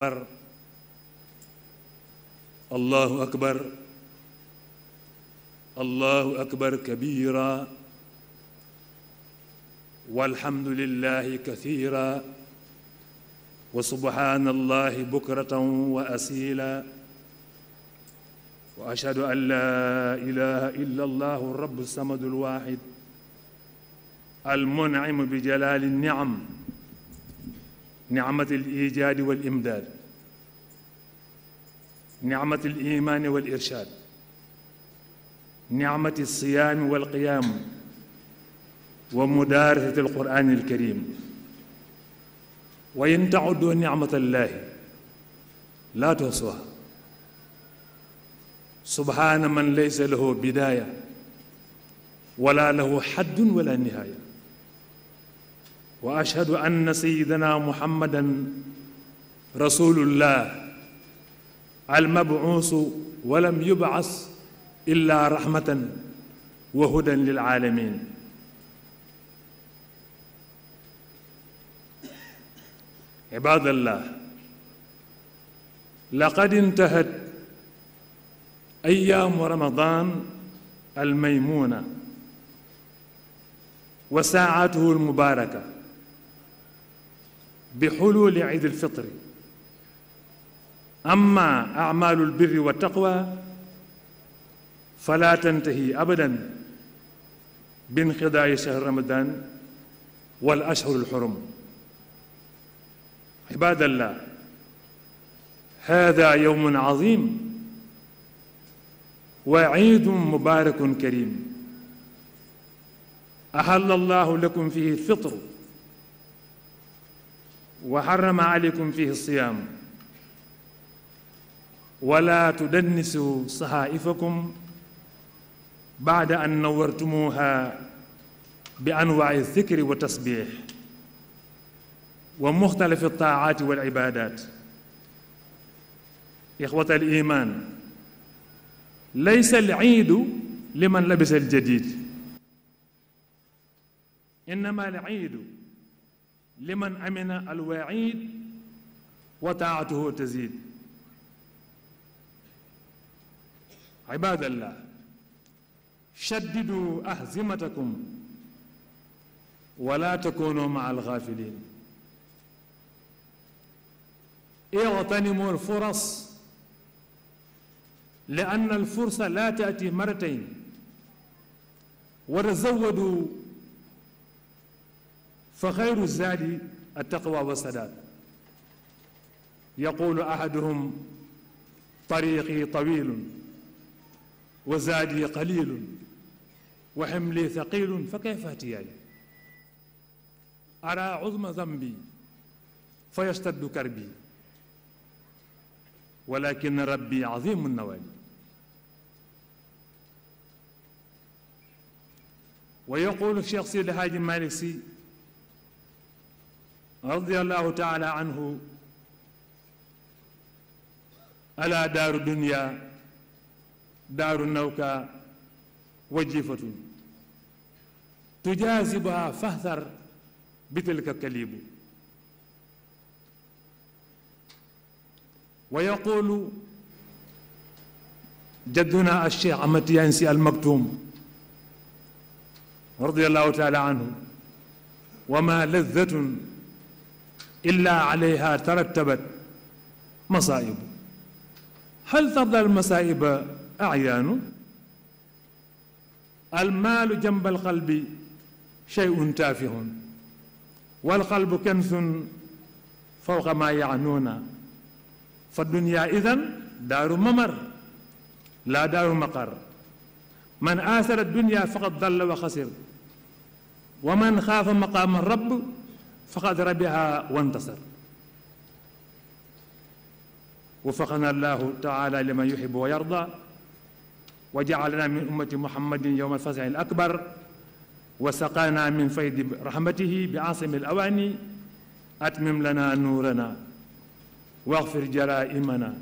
akbar allahu akbar allahu akbar kabira walhamdulillahi kathira wa subhanallahi bukratan wa asila wa ashhadu an la ilaha illa allahu rabu samadu alwahid almun'im bi jalali nni'am nicmat alijaadi wal imdaad nicmat alimaani wal irshaad nicmat alsiyaami wal qiyaam wa mudaarasati alqur'aani alkarim wa in tacuddu nicmat allaahi laa tuhsuha subhaana man laysa lahu bidaaya wala lahu xaddun wala nihaaya wa ashhadu anna sayyidana muhammadan rasulullah almabuusu walam yubas illa rahmatan wa hudan lil aalamin ibaadallah laqad intahat ayyaamu ramadan almaymuna wa saa'atuhu almubaaraka بحلول عيد الفطر أما أعمال البر والتقوى فلا تنتهي أبدا بانقضاء شهر رمضان والأشهر الحرم عباد الله هذا يوم عظيم وعيد مبارك كريم أحل الله لكم فيه الفطر wa harrama aleykum fihi siyaam wala tudannisu sahaaifakum baada an nawartumuha bi anwaai zikri wa tasbiix wa muxtalifi taacaati wal cibaadaat ixwata al iimaan laysa al ciidu liman labisa al jadiid innama al ciidu liman amina alwaid wa taatuhu tazid ibadallah shaddidu ahzimatakum wala takunu maa alghafilin اغتنموا الفرص لأن الفرصة لا تأتي مرتين وتزودوا fa xayru zaadi attaqwa wa sadaad yaqulu ahaduhum tariqi tawilun wa zaadi qalilun wa ximli thaqilun fa kayfa atiyaay ara uzma zambi fa yastaddu karbi walakin rabbi azimu nawaali wa yaqulu cheikh Seydi Haaji Malick Sy radiallahu taala anhu ala daaru dunya daaru nawka wajifatun tujaasibuha fahsar bitilka kalibu wa yaqulu jadduna alcheikh Ahmad Tidiane Sy Al Maktoum radiallahu taala anhu wa ma lazzatun إلا عليها ترتبت مصائب هل تظل المصائب أعيان المال جنب القلب شيء تافه والقلب كنث فوق ما يعنون فالدنيا إذن دار ممر لا دار مقر من آثر الدنيا فقد ضل وخسر ومن خاف مقام الرب faqad rabiha wantasar wafaqana allahu taala liman yuhibu wa yarda wa jaalana min ummati muhammadin yowma alfasxi al akbar wa saqana min faydi rahmatihi bi asami al awaani atmim lana nuurana waxfir jaraimana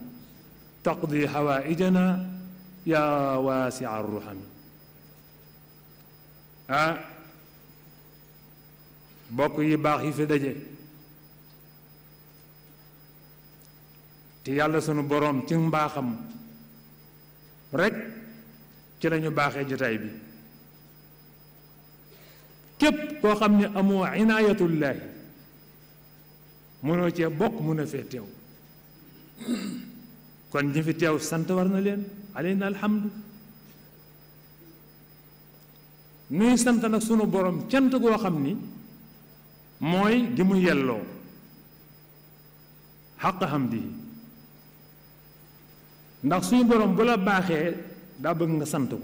taqdi hawaaijana yaa waasica arraham ah bokk yi baax yi fi daje te yàlla sunu boroom ci mbaaxam rekk ci lañu baaxee jotaay bi képp koo xam ni amoo inaayatullaahi mënoo cee bokk mën a fee teew kon ñi fi teew sant war na leen na alhamdu nuy sant nag sunu borom cant goo xam ni mooy gi mu yelloo xaq xam di ndax suñu borom bu la baaxee daa bëgg nga sant ko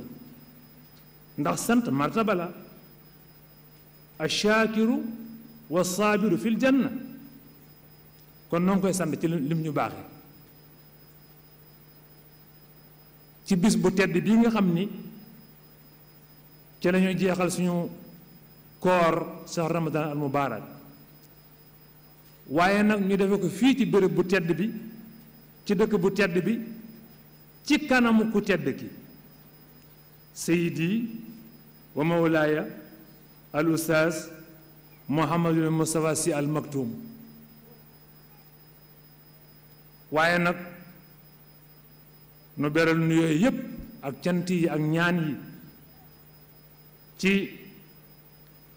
ndax sant martaba la ashaakiru wa saabiru fil janna kon noo koy sant ci lim ñu baaxee ci bis bu tedd bii nga xam ni ci lañuy jeexal suñu koor sax ramadan al mubarak waaye nag ñu defe ko fii ci béréb bu tedd bi ci dëkk bu tedd bi ci kanamu ku tedd ki sayidi wa mawlaaya al ustaas muhammadul mustafa si al maktum waaye nag nu beral nu yépp ak cant yi ak ñaan yi ci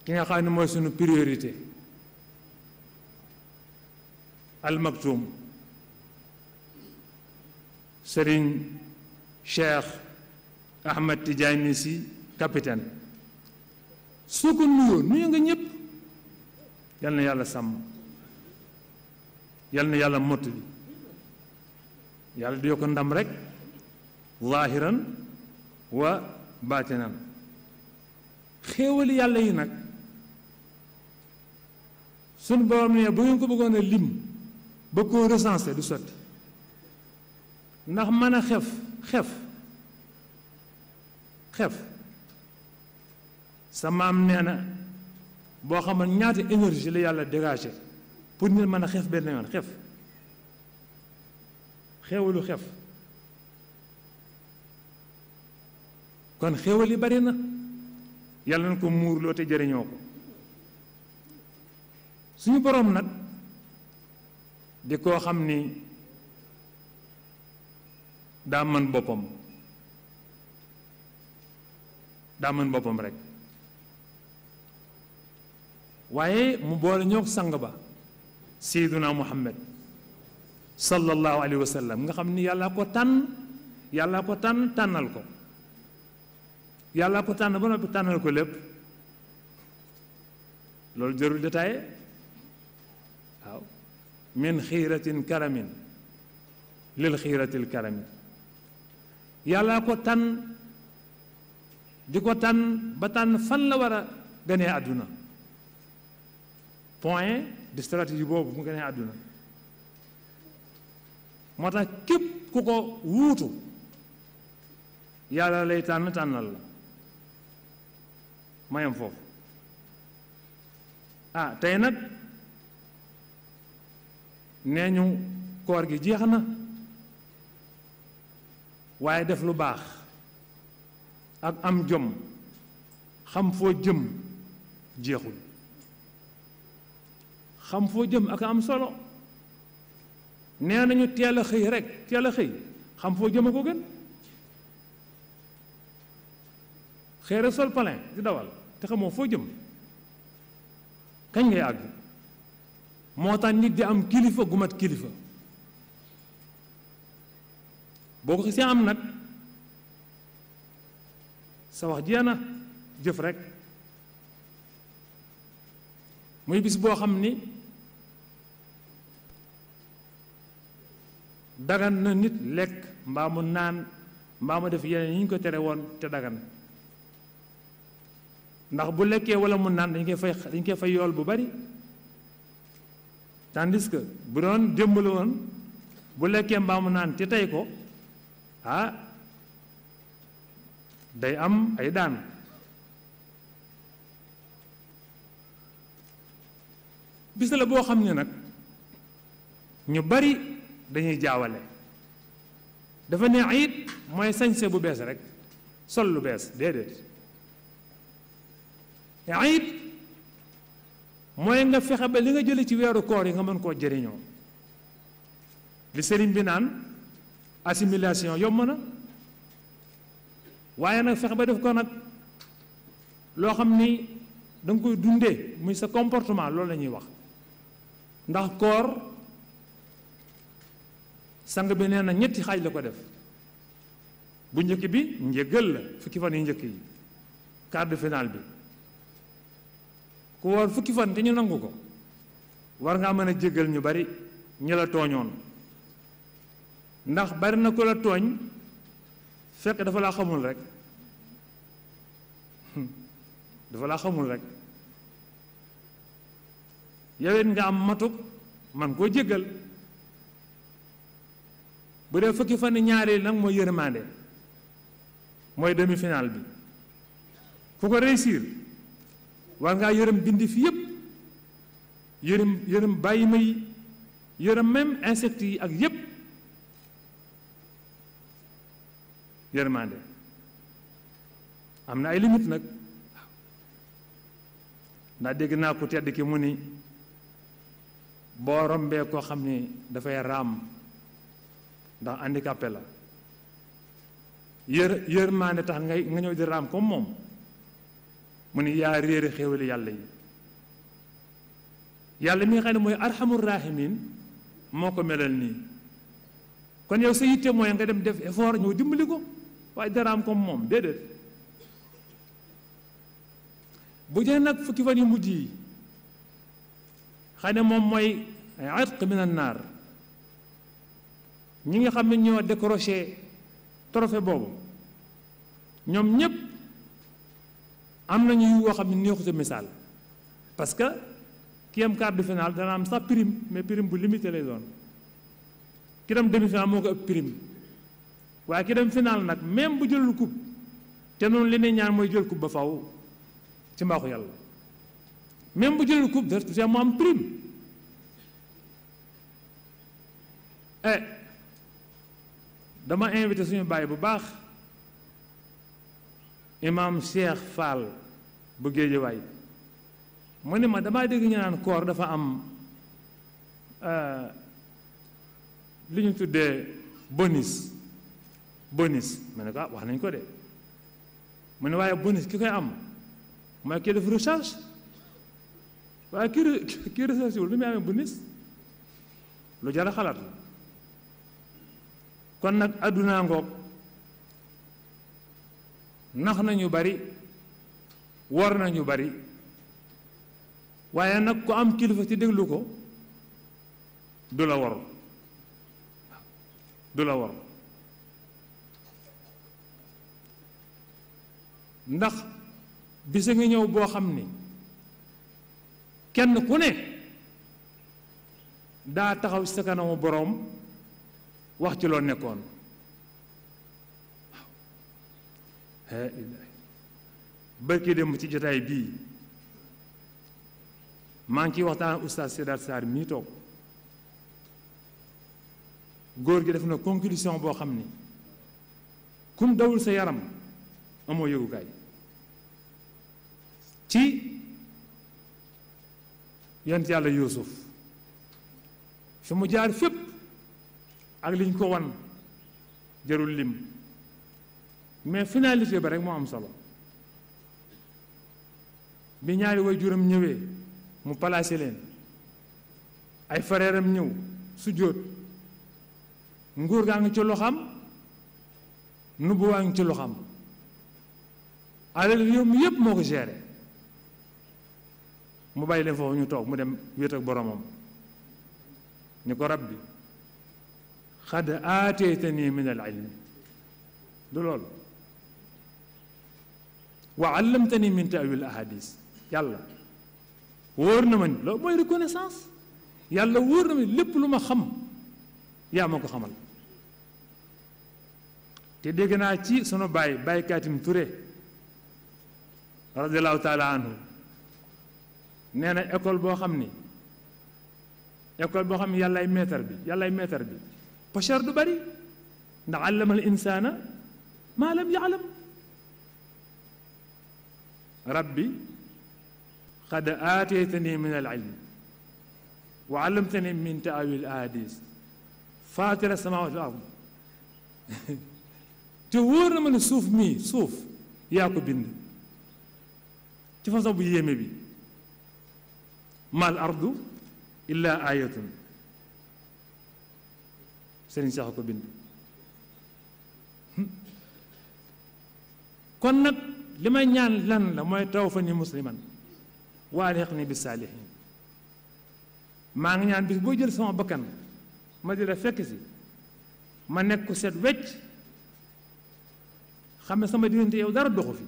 ki nga xam ne mooy suñu priorité almaktum sëriñ cheikh ahmad tijaani si capitaine soo ko nuyoo nuyu nga ñépp yal na yàlla sàmm yal na yàlla mott bi yàlla di yokk ndam rekk zahiran wa baatinan xéewali yàlla yi nag suñu borom ne bu ngeen ko bëggoon a lim ba koo recensé du sotti ndax mën a xef xef xef sa maam nee na boo xam ne ñaata énergie la yàlla dégagé pour nit mën a xef benn yoon xef xewalu xef kon xewal yi bari na yàlla na ko muur loo te jëriñoo ko suñu boroom nag di koo xam ni daa mën boppam daa mën boppam rek waaye mu boole ñoo sang ba seyduna muhammad sallallahu alayhi wa sallam nga xam ni yàllaa ko tànn yàllaa ko tànn tànnal ko yàllaa ko tànn ba noppi tànnal ko lépp loolu jërul détaillé min xiiratin karamin lil xiiratil karamin yàlla ko tànn di ko tànn ba tànn fan la war a ganee àdduna point de boobu mu ganee àdduna moo tax képp ku ko wuutu yàlla lay tànn tànnal la mayam foofu ah tey nag nee ñu koor gi jeex na waaye def lu baax ak am jom xam foo jëm jeexul xam foo jëm ak am solo nee nañu teel a xëy rek teel xëy xam foo jëm a ko gën xëy rek sol palin di dawal te xamoo foo jëm kañ ngay àgg moo tax nit di am kilifa gu mat kilifa boo ko xisee am nag sa wax jeex na jëf rek muy bis boo xam ni dagan na nit lekk mbaa mu naan mbaa mu def yeneen yi ñu ko tere woon te dagan ndax bu lekkee walla mu naan dañ koy fay dañ koy fay yool bu bari tandis que bu doon démb la woon bu lekkee mbaam naan ci tey ko ah day am ay daan bis la boo xam ne nag ñu bari dañuy jaawale dafa ne ayit mooy sañse bu bees rek sol lu bees déedéet ayit mooy nga fexe ba li nga jële ci weeru koor yi nga mën koo jëriñoo li sëriñ bi naan assimilation yomb na waaye nag fexe ba def ko nag loo xam ni danga koy dundee muy sa comportement loolu la ñuy wax ndax koor sang bi nee ñetti xaaj la ko def bu njëkk bi njëgal la fukki fan yu njëkk yi quart de finale bi ku woor fukki fan te ñu nangu ko war ngaa mën a jéggal ñu bari ñi la tooñoon ndax bari na ko la tooñ fekk dafa laa xamul rek hmm. dafa laa xamul rek yow nga am matuk man koo jéggal bu dee fukki fan ñaareel nag mooy yërmande mooy demi-finale bi ku ko réussir war ngaa yërëm bindi fi yépp yërëm yërëm bàyyi ma yi yërëm même insectes yi ak yépp yërmande am na ay limite nag ndax dégg naa ku tedd ki mu ni boo rombee koo xam ni dafay raam ndax handicapé la yër yërmande tax ngay nga ñëw di raam comme moom mu ne yaa réere xéewali yàlla yi yàlla mi nga xam ne mooy arxamur rahimin moo ko melal nii kon yow sa yitte mooy nga dem def effort ñoo dimbali ko waaye daraam comme moom déedéet bu dee nag fukki fan yu mujj yi xam ne moom mooy atq naar ñi nga xam ne ñoo décroché trophée boobu ñoom ñépp am nañu yoo xam ne neexute misaal parce que ki am quart de finale dana am sax prime mais prime bu limité lay doon ki dem demi finale moo ko ëpp prime waaye ki dem finale nag même bu jëlul coupe te noonu li ne ñaan mooy jël coupe ba faw ci mbaaxu yàlla même bu jëlul coupe de touché mu am prime eh dama invité suñu bàyyi bu baax imaam Cheikh Fall bu Géejawaay mu ne ma damaa dégg ñu koor dafa am euh, li ñu tuddee bonis bonis ma ne ko ah wax nañ ko de mu ne waaye bonis ki koy am mooy kii def recherche waaye kii kii recherche wul lu muy amee bonis lu jar a xalaat la kon nag àddunaa ngoog nax nañu bari war nañu bari waaye nag ku am kilifa ci déglu ko du la war du la war ndax bisa ngi ñëw boo xam ni kenn ku ne daa taxaw ci sa kanamu boroom wax ci loo nekkoon bërki dem ci jotaay bii maa ngi ciy waxtaan oustaz Sédar Sarr mii toog góor gi def na conclusion boo xam ni kum dawul sa yaram amoo yëgukaay ci yent yàlla yuusuf fi mu jaar fépp ak liñ ko wan jarul lim mais finalité ba rek moo am solo bi ñaari way juram ñëwee mu placé leen ay frèram ñëw su jóot nguur gaa ngi ci loxam nubuwaa ngi ci loxam alal réew yépp moo ko géré mu bàyyi leen foofu ñu toog mu dem wéet ak boromam ni ko rabbi xad aateytani min al ilmi du loolu wa àllamtani min taawil ahadis yàlla wóor na ma loolu mooy reconnaissance yàlla wóor na ma lépp lu ma xam yaa ma ko xamal te dégg naa ci sunu baay baay Kaatim Ture radiallahu taala anhu nee na école boo xam ni école boo xam ni yàllaay maître bi yàllaay maître bi pocheur du bari ndax allamal insaana maa lam yaalam rabbi xad aateytani min al ilm wa allamtani min taawil ahadis faatira samawati wal ard te wóor na ma ne suuf mii suuf yaa ko bind ci façon bu yéeme bi mal ardu illa ayatun sëriñ sax ko bind hmm. kon nag li may ñaan lan la mooy taw fa ni musliman waaleeq ni bi saalihin maa ngi ñaan bis boo jël sama bakkan ma di fekk si ma nekk ku set wecc xam ne sama diggante yow dara doxu fi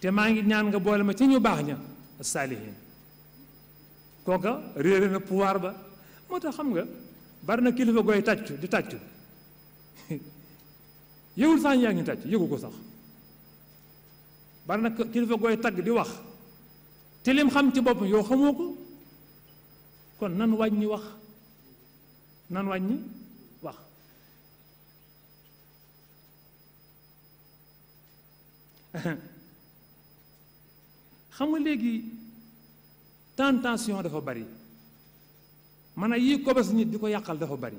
te maa ngi ñaan nga boole ma ci ñu baax ña saalihin kooka réere na pouvoir ba moo tax xam nga bari na kilifa gooy tàccu di tàccu yëgul sax yaa ngi tàcc yëgu ko sax bari na kilifa gooy tagg di wax te lim xam ci boppam yow xamoo ko kon nan wàññi wax nan wàññi wax xam nga léegi tentation dafa bari man a yii kobos di ko yàqal dafa bari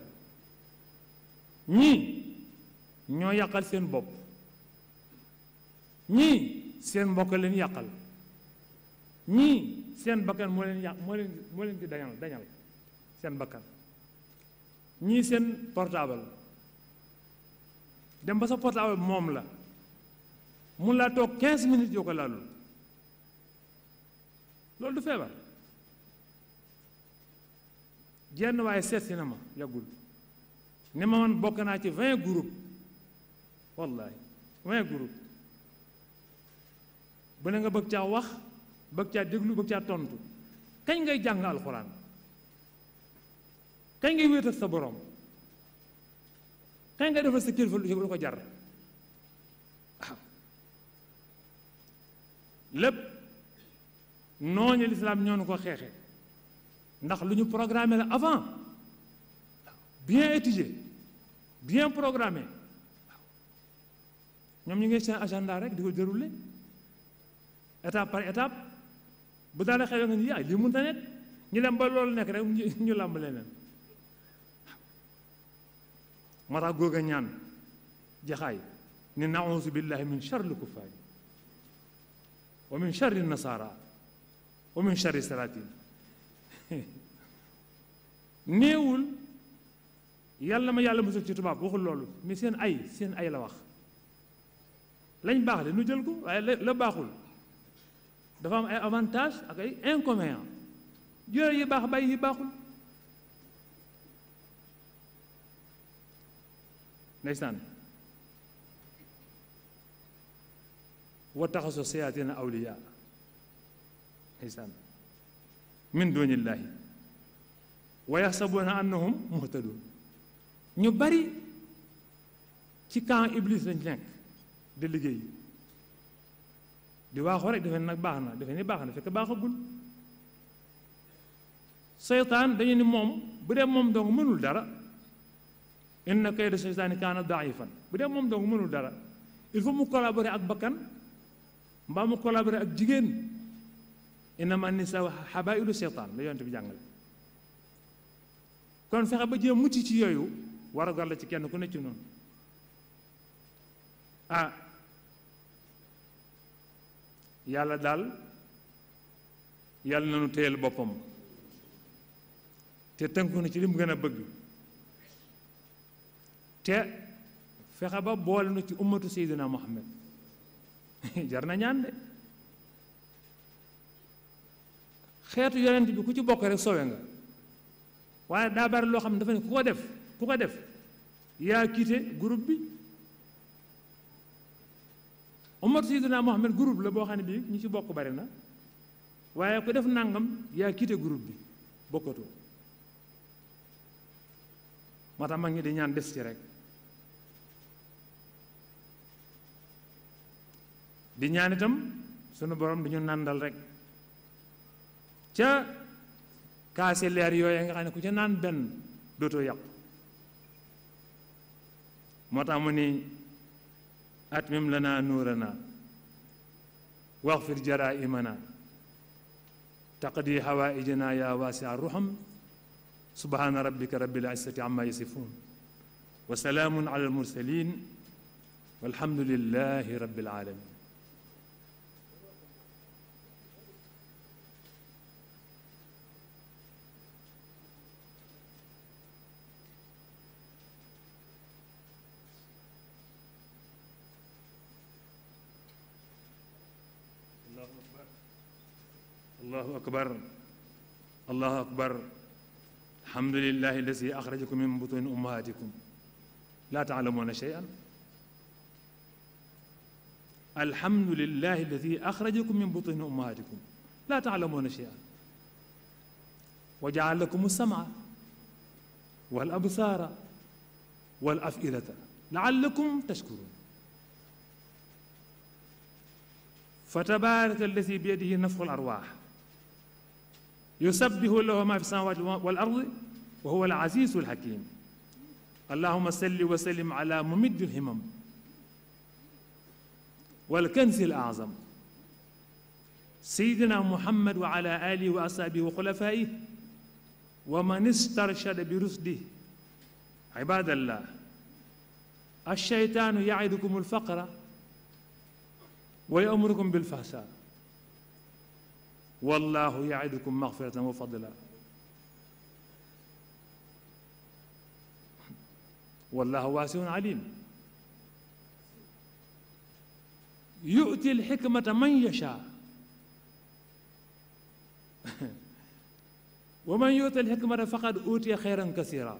ñii ñoo yàqal seen bopp ñii seen mbokk leen yàqal ñii seen bakkan moo leen yàq moo leen moo leen di dañal dañal seen bakkan ñii seen portable dem ba sa portable moom la mun laa toog 15 minutes yoo ko laalul loolu du feebar jenn waaye seet si na ma yàggul ne ma man bokk naa ci 20 groupe wallahi 20 groupe bu ne nga bëgg caa wax bëgg caa déglu bëgg caa tontu kañ ngay jàng alxuraan kañ ngay wéetal sa borom kañ nga defal sa kilifa lu ko jar ah. lépp nooñu lislaam ñoo nu ko xeexee ndax lu ñu programmé la avant bien étudié bien programmé ñoom ñu ngi seen agenda rek di ko déroulé étape par étape bu daal xewee nga ni ah lii mënta nekk ñu dem ba loolu nekk rek ñu làmb leneen moo tax góog a ñaan jaxaay ni nausu billahi min charri kuffaari wa min charri nasara wa min charri salatin néewul yàlla ma yàlla musul ci tubaab waxul loolu mais seen ay seen ay la wax lañ baax le nu jël ko waaye baaxul dafa am ay avantage ak ay inconvénient jël yi baax bay yi baaxul ndeysaan wa taxaso sayaatina awliya ndeysaan min dunillahi wa yaxsabuuna annahum muhtadun ñu bari ci camp iblis lañ nekk di liggéey di waaxoo rek defe nag baax na defe ni baax na baax agul seytaan dañu ni moom bu moom dong mënul dara inna kayda seytaani kaana daifan bu dee moom dong mënul dara il faut mu collaborer ak bakkan mbaa mu collaborer ak jigéen innama nisa xabailu seytaan la yonte bi jàngale kon fexe ba jéem ci yooyu war a ci kenn ku ne ci noonu ah, yàlla daal yàlla na nu téyel boppam te tënku na ci li gën a bëgg te fexe ba boole nu ci ummatu seydina muhammad jar na ñaan de xeetu yonent bi ku ci bokk rek sowe nga waaye daa bari loo xam ne dafa ku ko def ku ko def yaa quitté gurup bi ummat sayyidina Muhammad groupe la boo xam ne bii ñu ci bokk bari na waaye ku def nàngam yaa quitté groupe bi bokkatoo moo tax mag ñi di ñaan des ci rek di ñaan itam sunu borom dañu nàndal rek ca kaase leer yooya nga xam ne ku ca naan benn dootoo yàqu moo tax mu ni أتمم لنا نورنا واغفر جرائمنا تقضي حوائجنا يا واسع الرحم سبحان ربك رب العزة عما يصفون وسلام على المرسلين والحمد لله رب العالمين allahu akbar allahu akbar alhamdulillahi alladi axrajakum min butuni ummahatikum laa taalamuuna cheyan alhamdulillahi alladi axrajakum min butuni ummahatikum laa taalamuuna cheyan wa jaal lakum alsamca wal absaara wal afidata laallakum tashkuruun fa tabaraka alladi biyadihi nafxu al arwaax يسبح له ما في السماوات والأرض وهو العزيز الحكيم اللهم صل وسلم على ممد الهمم والكنز الأعظم سيدنا محمد وعلى آله وأصحابه وخلفائه ومن استرشد برشده عباد الله الشيطان يعدكم الفقر ويأمركم بالفحشاء wallaahu yaidukum maxfiratan wa fadla wallaahu waasiun alim yu'ti alxikmata man yashaa wa man yu'ti alxikmata faqad uutiya xayran kasiira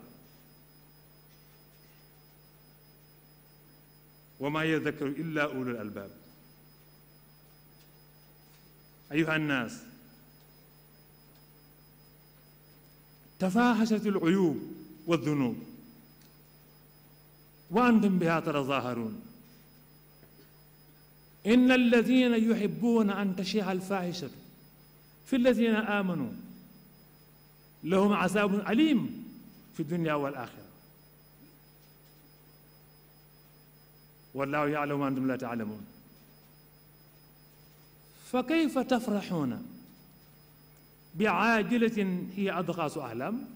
wa maa yadakkaru illaa ulul albaab ayyuha nnaas تفاحشت العيوب والذنوب وأنتم بها تتظاهرون إن الذين يحبون أن تشيع الفاحشة في الذين آمنوا لهم عذاب أليم في الدنيا والآخرة والله يعلم وأنتم لا تعلمون فكيف تفرحون بعاجلة هي أضغاث أحلام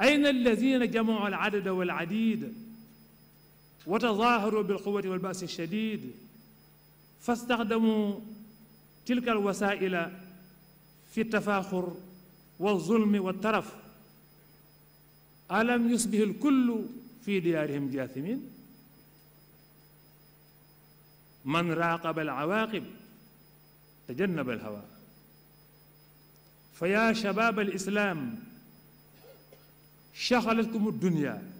أين الذين جمعوا العدد والعديد وتظاهروا بالقوة والبأس الشديد فاستخدموا تلك الوسائل في التفاخر والظلم والترف ألم يصبح الكل في ديارهم جاثمين من راقب العواقب تجنب الهوى فيا شباب الإسلام شغلتكم الدنيا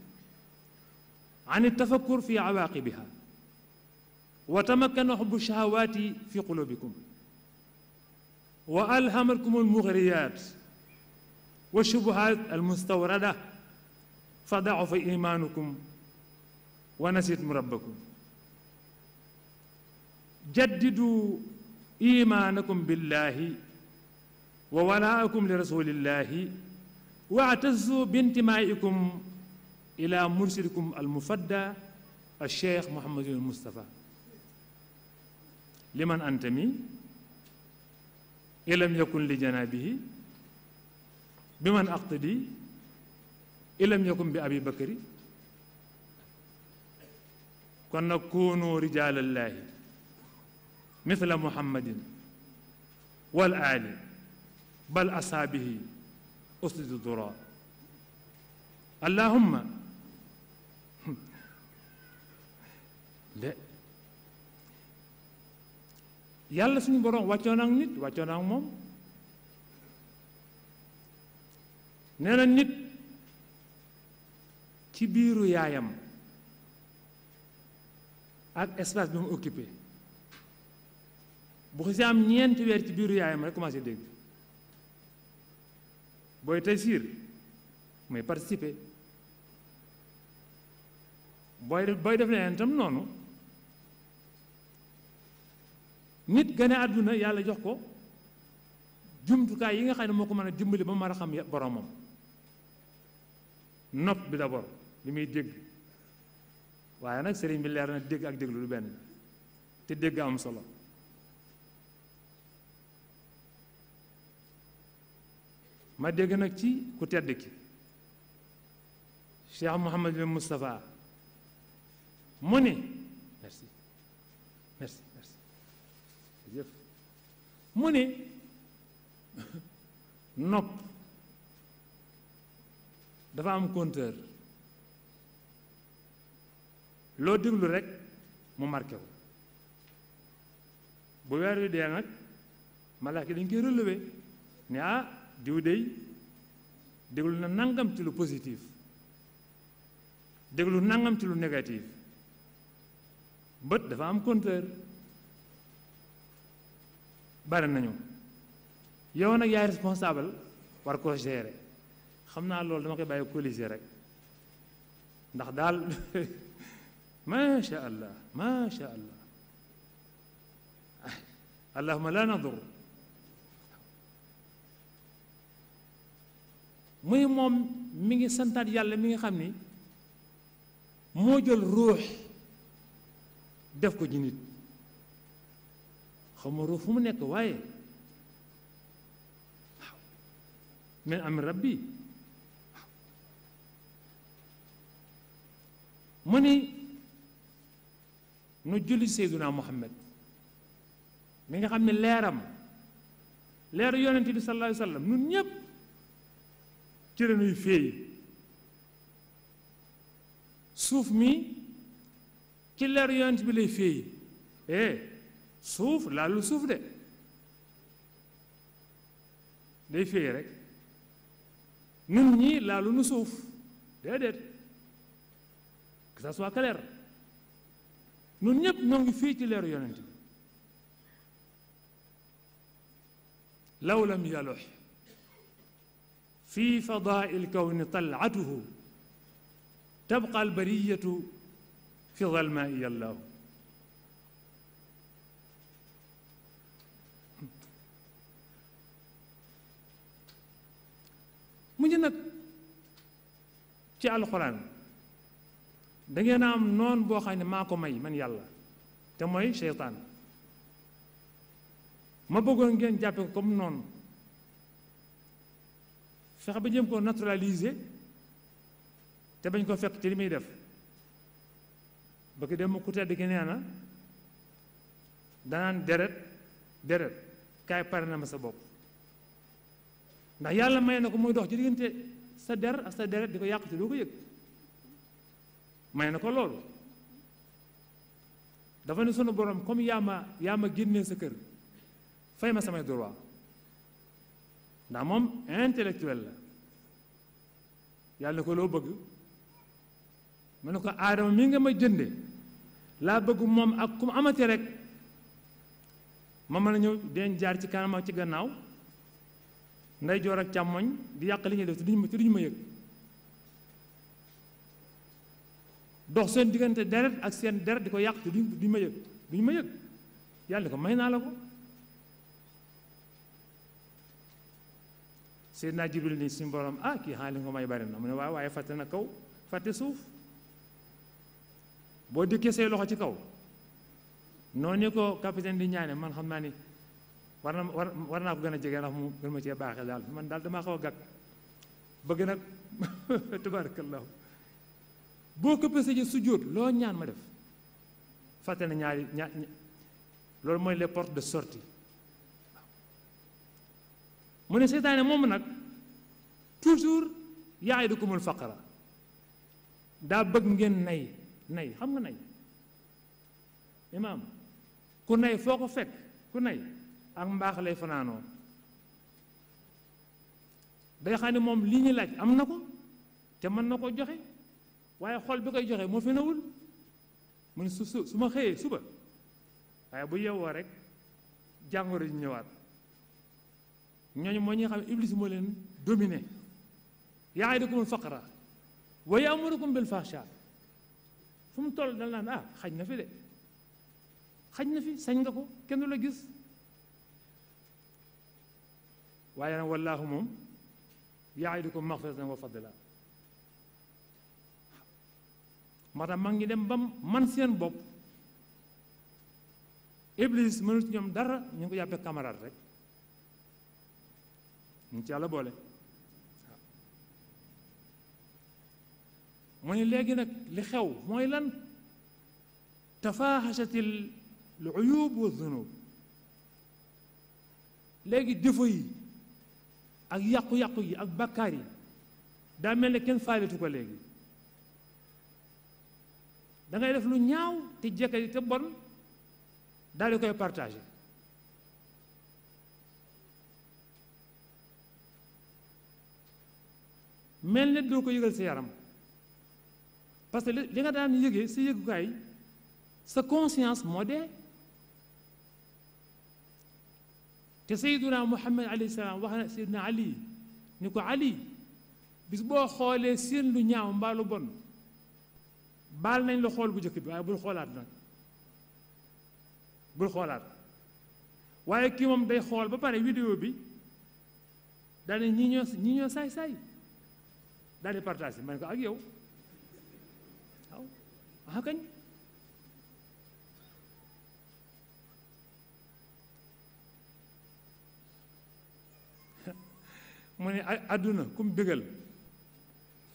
عن التفكر في عواقبها وتمكن حب الشهوات في قلوبكم وألهمتكم المغريات والشبهات المستوردة فضعف إيمانكم ونسيتم ربكم جددوا iimaanakum billaahi wa walaakum li rasuulillaahi wa atazu bintimaaikum ila mursidikum al mufadda al cheikh muhammadul mustafa liman antami ilam yakun li janaabihi bi man aqtadi ilam yakun bi abi bakari kon nag koonoo rijaalallaahi mithla muhammadin wal aali bal asaabihi uslidu dura allahumma de yàlla suñu borom wàccoon ak nit wàccoon moom nee na nit ci biiru yaayam ak espace bi mu occupé bu xasee am ñeenti weer ci biiru yaayam rek commencé dégg booy tey siir mooy participer booy booy def leneen tam noonu nit gane àdduna yàlla jox ko jumtukaay yi nga xam ne moo ko mën a dimbali ba mu mën a xam boromam nopp bi d'abord li muy dégg waaye nag sëriñ bi leer na dégg ak déglu du benn te dégg am solo ma dégg nag ci ku tedd ki Cheikh Mouhamadul Moustapha mu ne merci merci merci mu ne nopp dafa am compteur loo déglu rek mu marqué wu bu weer wi dee nag malaaka dañ koy relevé ne ah diw dey déglu na nangam ci lu positif déglu nangam ci lu négatif bët dafa am compteur bari nañu yow nag yaay responsable war koo gérer xam naa loolu dama koy bàyyi colisé rek ndax daal macha allah macha allah allahuma la nadur muy moom mi ngi santaat yàlla mi ngi xam ni moo jël ruux def ko ci nit xaw ma ruux fu mu nekk waaye waaw min am rabbi mu ni nu julli seyduna muhammad mi nga xam ne leeram leer yonente bi sallallahu alayhi sallam nun ñépp ci la ñuy suuf mi ci leer yonent bi lay féey eh suuf laalu suuf de day féey rek nun ñi laalu nu suuf déedéet que ça soit clair nun ñëpp ñoo ngi fii ci leeru yonent bi law lam yalux في فضاء الكون طلعته تبقى البرية في ظلماء الله mu ngi nag ci alxuraan da am noon boo xam ne maa ko may man yàlla te mooy seytaan ma bëggoon ngeen jàppe ko comme noonu fexe ba jëm koo naturaliser te bañ koo fekk ci li muy def bëgg dem ku tedd gi nee na danaan deret deret kaay pare na ma sa bopp ndax yàlla may na ko muy dox ci diggante sa der ak sa deret di ko yàq te doo ko yëg may na ko loolu dafa ne sunu borom comme yaa ma yaa ma génnee sa kër fay ma samay droit ndax moom intellectuel la yàlla ko loo bëgg ma ne ko aadama mi nga ma jënde laa bëgg moom ak ku mu amati rek ma mën a ñëw den jaar ci kanama ci gannaaw nday joor ak càmmoñ di yàq li ñuy def te duñu ma ma yëg dox seen diggante deret ak seen deret di ko yàq te duñu ma yëg ma yëg yàlla ko may naa la ko Seydina Jibril ni suñu borom ah kii xaali nga may bari na mu ne waaw waaye fàtte na kaw fàtte suuf boo dikkee say loxo ci kaw noonu ko capitaine di ñaane man xam naa ni war na war war naa ko gën a jege ndax mu gën ma cee baaxee daal man daal damaa xaw a gàkk bëgg nag tabarakallahu boo ko pesee ji sujjóot loo ñaan ma def fàtte na ñaari ñaar loolu mooy les portes de sortie mu ne seytaane moom nag toujours yaidukumul faqra daa bëgg ngeen nay nay xam nga nay imaam ku nay foo ko fekk ku nay ak mbaax lay fanaanoo day xam ne moom lii ñu laaj am na ko te mën na ko joxe waaye xol bi koy joxe moo fi nawul mu su su ma xëyee suba waaye bu yeewoo rek jàngoro ji ñëwaat ñooñ moo ñi nga xam ne iblis moo leen dominé ya'idukumul faqra wa ya'murukum bil fahsha fu mu toll dal naan ah xaj na fi de xaj na fi sañ nga ko kenn du la gis waaye nag wallaahu moom ya'idukum maghfiratan wa fadla maanaam maa ngi dem ba man seen bopp iblis mënut ñoom dara ñu ngi ko yàppee rek mu ci yàlla boole mu ne léegi nag li xew mooy lan tafaaxasati l wa zunub léegi défaut yi ak yàqu-yàqu yi ak bakkaar yi daa mel ne kenn faaletu ko léegi dangay ngay def lu ñaaw te jekka yi te bon daal di koy partagé mel na doo ko yëgal si yaram parce que li nga daan yëgee sa yëgukaay sa conscience moo dee te sayduna muhammad alayhi salaam wax na sayduna ali ni ko ali bis boo xoolee seen lu ñaaw mbaalu bon baal nañ la xool bu njëkk bi waaye bul xoolaat nag bul xoolaat waaye kii moom day xool ba pare vidéo bi daane ñii ñoo ñi ñoo saay-saay daal di partagé man ko ak ah, yow waaw ah, kañ mu ne àdduna kum bégal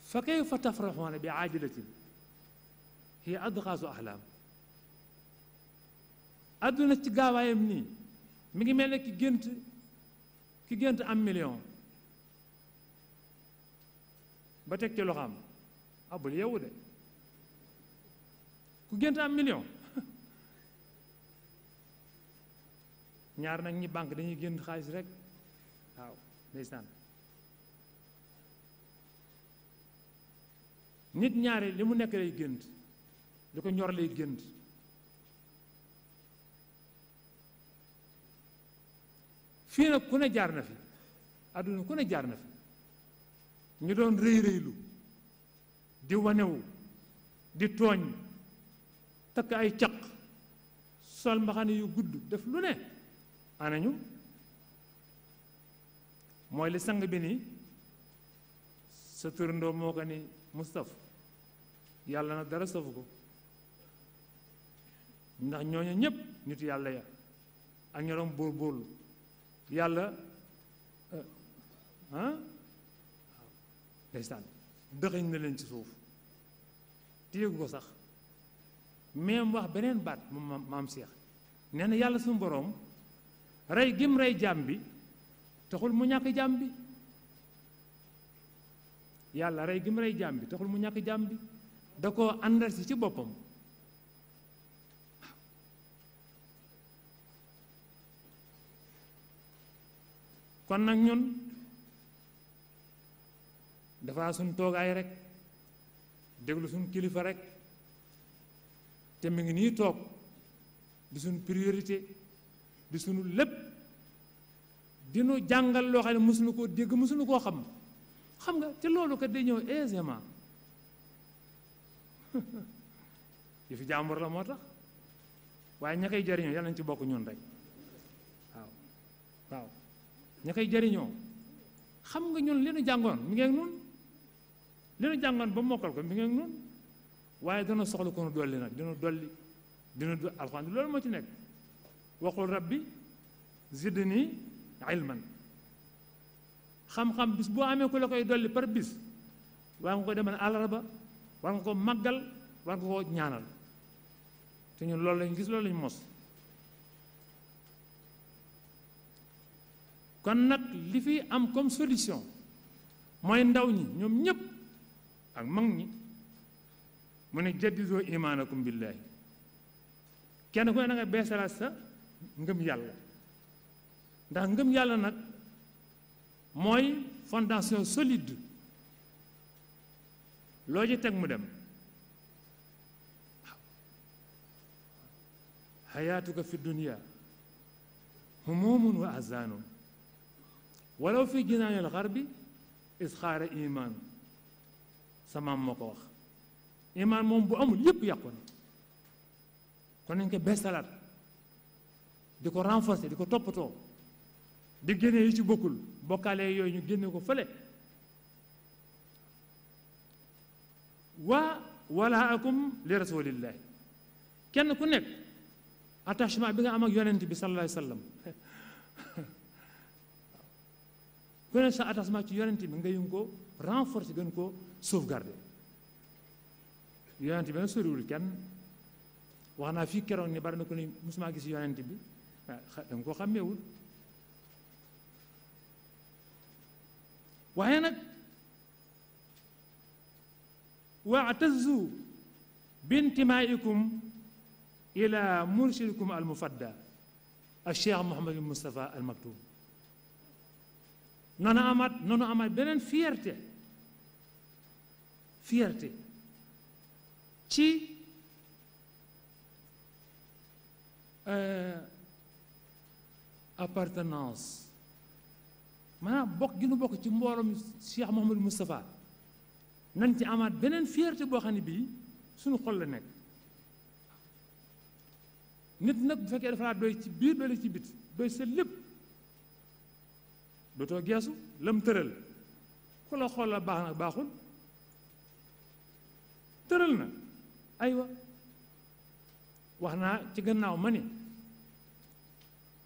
fa kayfa tafraxuuna bi aajilatin hiya adxaasu axlaam àdduna ci gaawaayam nii mi ngi mel ne ki gént ki gént am million ba teg ci loxo am abul ah, yeewu de ku gént am million ñaar nag ñi banque dañuy génn xaalis rek waaw ndeysaan nit ñaari li mu nekk lay gént li ko ñor lay gént fii nag ku ne jaar na fi àdduna ku ne jaar na fi ñu doon rëy di wanewu di tooñ takk ay caq sol mbaxane yu gudd def lu ne anañu mooy li sang bi ni sa turandoo moo ko ni Mustapha yàlla na dara safu ko ndax ñooñu ñépp nit yàlla ya ak ñoroom bóor bóorlu yàlla eh, ah? ndeysaan dëxëñ na leen ci suuf te ko sax même wax beneen baat moom maam Cheikh nee na yàlla suñu boroom rey gim rey jaam bi taxul mu ñàkk jaam bi yàlla rey gim rey jaam bi taxul mu ñàkk jaam bi da koo àndal si ci boppam kon nag ñun dafa suñ toogaay rek déglu suñ kilifa rek te mu ngi nii toog di suñ priorité di suñu lépp dinu jàngal loo xam ne mosuñu koo dégg mosuñu koo xam xam nga te loolu kat day ñëw aisément fi jàmbur la moo tax waaye ña koy jariñoo yal nañ ci bokk ñun rek waaw waaw ña jariñoo xam nga ñun li jàngoon mi ngi nun li nu jàngoon ba mokkal ko mi ngi noonu waaye dana soxla ko nu dolli nag dina dolli dina du loolu moo ci nekk waxul rabbi zidni ilman xam-xam bis boo amee ku la koy dolli par bis waa nga ko demal àllarba war nga ko màggal war nga ko ñaanal te ñun loolu lañ gis loolu lañ mos kon nag li fi am comme solution mooy ndaw ñi ñoom ñëpp ak mag ñi mu ne imaanakum billaahi kenn ku ne na nga beesalaat sa yàlla ndax ngëm yàlla nag mooy fondation solide loo ci teg mu dem hayaatuka fi dunia humumun wa ahzaanun walaw fi jinaanil xarbi isxaara imaanu samaam moo ko wax imaan moom bu amul yépp yàqu na kon nañ ko beesalaat di ko renforcer di ko toppatoo di génne yi ci bokkul bokkaale yooyu ñu génne ko fële waa wala akum li rasulillahi kenn ku nekk attachement bi nga am ak yonent bi sallallahu sallam ku nekk sa attachement ci yonent bi nga yëngu renforcer gën ko sauvegarder yonent bi nag soriwul kenn wax naa fii keroog ni bari na ko ni musuma gis yonent bi ah, nga ko xàmmeewul waaye nag waatazu bintimaaikum ila mursidikum almufadda al cheikh mohamadul moustapha al maktoum noonu amaat noonu amaat fierté ci eh, appartenance maanaam bokk gi nu bokk ci mbooloom Cheikh Mouhamadou Moustapha nañ ci amaat beneen fierté boo xam ne bii suñu xol la nekk nit nag bu fekkee dafa laa doy ci biir doy ci bit doy sa lépp dootoo geesu lam tëral ku la xool la baax nag baaxul tëral na aywa wax naa ci gannaaw ma ni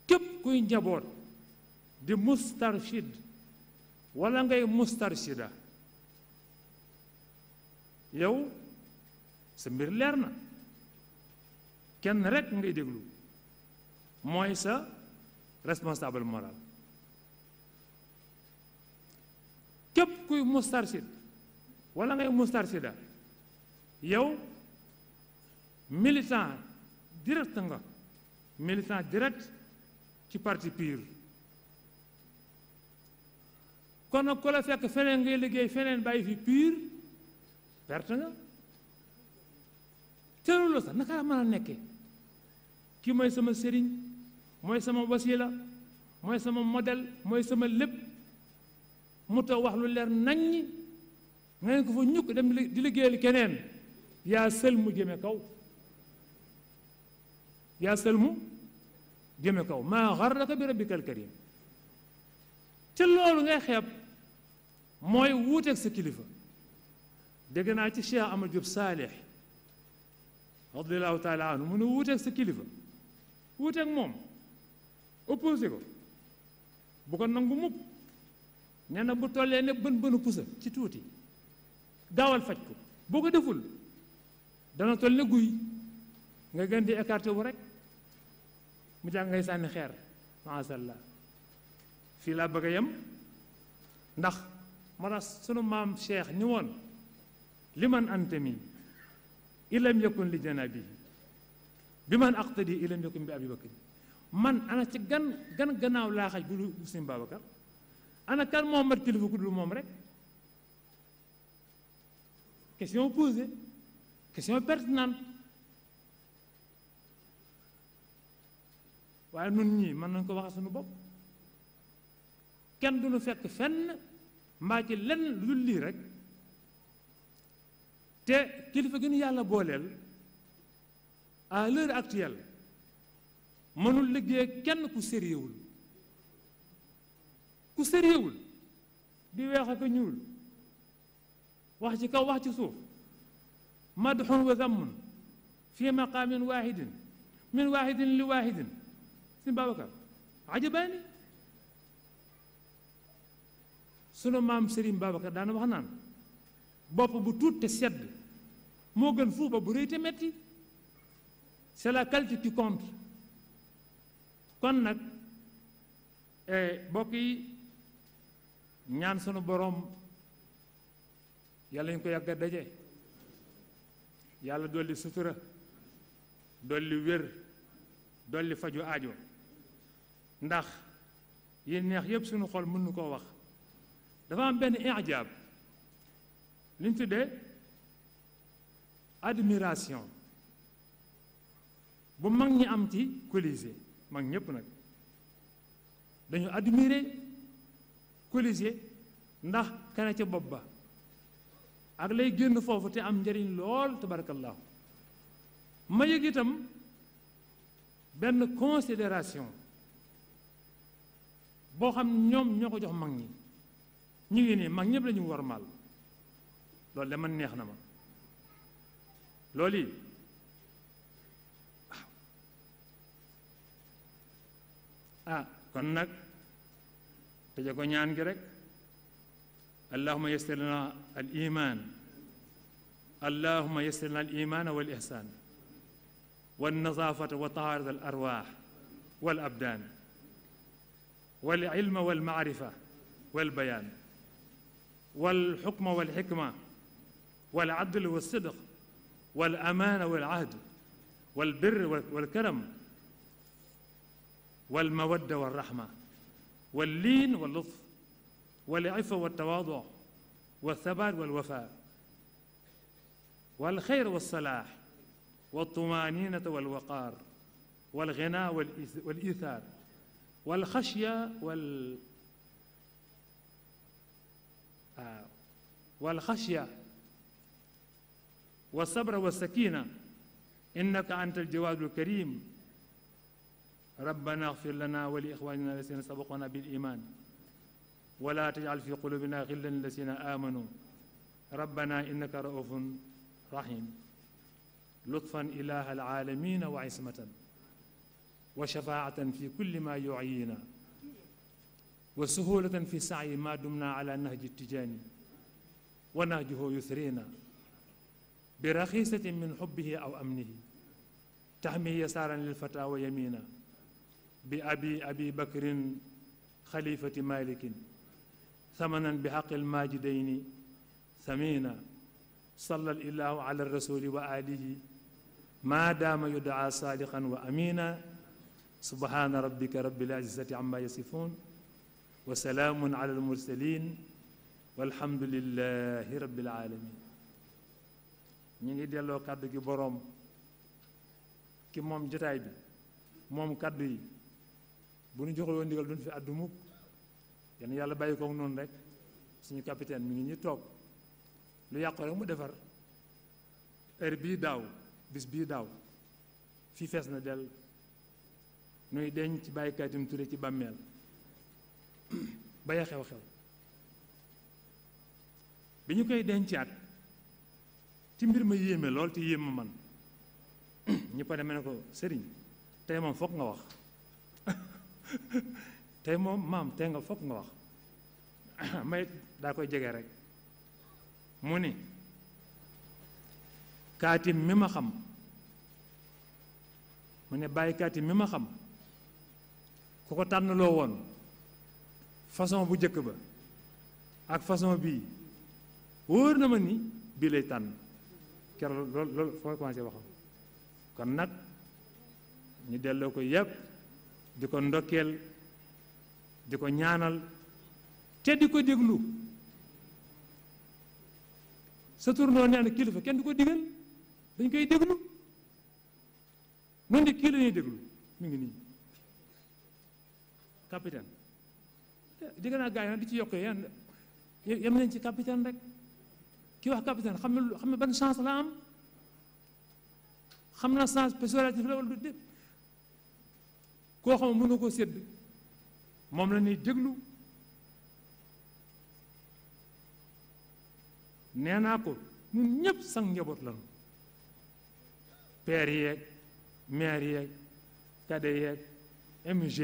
képp kuy njaboot di mustarshid walla ngay mustarshida yow sa mbir leer na kenn rekk ngay déglu mooy sa responsable moral képp kuy mustarshid walla ngay mustarsida yow militant direct nga militant direct ci parti piir kon nag ku la fekk feneen ngay liggéey feneen bàyyi fi piir perte nga te loolu sax naka la mën a nekkee ki mooy sama sëriñ mooy sama wasila mooy sama model mooy sama lépp mu taw wax lu leer naññi nga ne ko fa ñukk dem di liggéeyal keneen yaa sëlmu jëme kaw yaa sëlmu jëme kaw maa xarraka bi rabbikal karim ca loolu ngay xeeb mooy wuuteeg sa kilifa dégg naa ci Cheikh Amadou Diop Saalix radiallahu taala anhu mu ne wuuteeg sa kilifa wuuteeg moom opposé ko bu ko nangu mukk nee na bu tollee ne bën bënu pusa ci tuuti gaawal faj ko boo ko deful dana toll ne guy nga gën di écarté wu rek mu jàng ngay sànni xeer maasàllaa fii laa bëgg yem ndax mana sunu maam cheikh ni woon li man antami ilam yakun li janabi bi man aqtadi ilam yakun bi abi man ana ci gan gan gannaaw laa xaj bu lu kan moom mat kilifa ku dul moom rek question posée question pertinente waaye nun ñii mën nañ ko wax sunu bopp kenn du nu fekk fenn mbaa lenn lu dul lii rek te kilifa gi ñu yàlla booleel à l'heure actuelle mënul liggéey kenn ku sérieuxul ku sérieuxul di weex ak ñuul wax ci kaw wax ci suuf madxun wa zammun fi maqaamin waahidin min waahidin li waahidin sëñ Babacar ajabaani sunu maam Serigne Babacar daana wax naan bopp bu tuut te sedd moo gën fuuba bu rëy te metti c'est la qualité qui compte kon nag e, bokk yi ñaan sunu boroom yàlla ñu ko yàgg a yàlla dolli sutura dolli wér dolli faju ajo ndax yi neex yépp suñu xol mën nu koo wax dafa am benn ijaab li ñu tuddee admiration bu mag ñi am ci Colisée mag ñépp nag dañu admirer Colisée ndax kana ca bopp ba ak lay génn foofu te am njariñ lool tabarakallahu ma yëg itam benn considération boo xam ñoom ñoo ko jox mag ñi ñu ngi nii mag ñëpp la ñu war maal loolu de man neex na ma loolu yi ah, ah kon nag tëje ko ñaan gi rek اللهم يسر لنا الإيمان اللهم يسر لنا الإيمان والإحسان والنظافة وطهارة الأرواح والأبدان والعلم والمعرفة والبيان والحكم والحكمة والعدل والصدق والأمانة والعهد والبر والكرم والمودة والرحمة واللين واللطف والعفة والتواضع والثبات والوفاء والخير والصلاح والطمأنينة والوقار والغناء والإيثار والخشية وال آه والخشية والصبر والسكينة إنك أنت الجواد الكريم ربنا اغفر لنا ولإخواننا الذين سبقونا بالإيمان ولا تجعل في قلوبنا غلا للذين آمنوا ربنا إنك رؤوف رحيم لطفا إله العالمين وعصمة وشفاعة في كل ما يعينا وسهولة في سعي ما دمنا على نهج التجاني ونهجه يثرينا برخيصة من حبه أو أمنه تحمي يسارا للفتى ويمينا بأبي أبي بكر خليفة مالك samanan bi xaqil maajidayni samina sallal ilaahu ala rasuli wa alihi maa daama yudaa saadiqan wa amina subhaana rabbika rabbil izzati amma yasifun wa salaamun ala almursalin walhamdulilahi rabbil alamin ñu ngi delloo kàddu gi boroom ki moom jotaay bi moom kàddu yi bu ñu joxewoo ndigal duñ fi àddu mukk kenn yàlla bàyyi ko noonu rek suñu capitaine mi ngi ñu toog lu yàqu rek mu defar heure bii daaw bis bii daaw fii fees na del nuy deñ ci bàyyi Khadim Touré ci bàmmeel baya xew-xew bi ñu koy dencaat ci mbir ma yéeme lool te yéeme man ñu pare ma ne ko sëriñ tey moom foog nga wax tey moom maam te nga foog nga wax may daa koy jege rek mu ni kaatim mi ma xam mu ne bàyyi kaatim mi ma xam ku ko tànn loo woon façon bu jëkk ba ak façon bii wóor na ma ni bii lay tànn keroog loolu loolu foo commencé waxam kon nag ñu delloo ko yépp di ko ndokkeel di ko ñaanal te ko déglu sa tournoo nee na kilifa kenn du ko digal dañ koy déglu noonu de kii la ñuy déglu mu ngi nii capitaine dégg naa gars yi nag di ci yokk yéen yem nañ ci capitaine rek ki wax capitaine xam ne xam ne ban chance xam na chance péjoratif la wala du dé koo xam mun nga koo sédd moom la ñuy déglu nee naa ko ñun ñëpp sang njaboot lañu père yeeg maire yeeg kade yeeg MG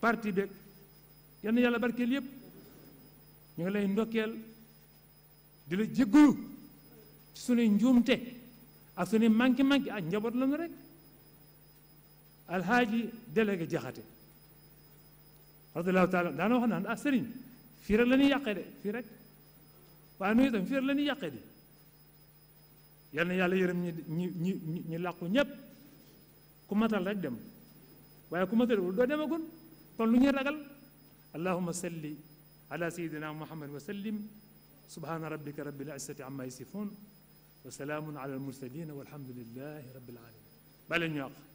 parti beeg yenn yàlla barkeel yëpp ñu ngi lay ndokkeel di la jéggalu ci sunuy njuumte ak sunuy manqué manqué ak njaboot lañu rek alxaaji délégué jaxate radiyallaahu taala daana wax naan ah sëriñ fii rek la ñuy yàqee de fii rek waaye nuyu itam fii rek la ñuy yàqee de yal yàlla yërëm ñi ñi ñi ñi ku matal rek dem ku matalewul doo demagul kon lu ñuy ragal allahuma salli ala sayidina muhammad wa sallim subhana rabbika rabbil izzati amma yasifun wa salaamun ala al mursalin walhamdulillahi rabbil alamin balen ñu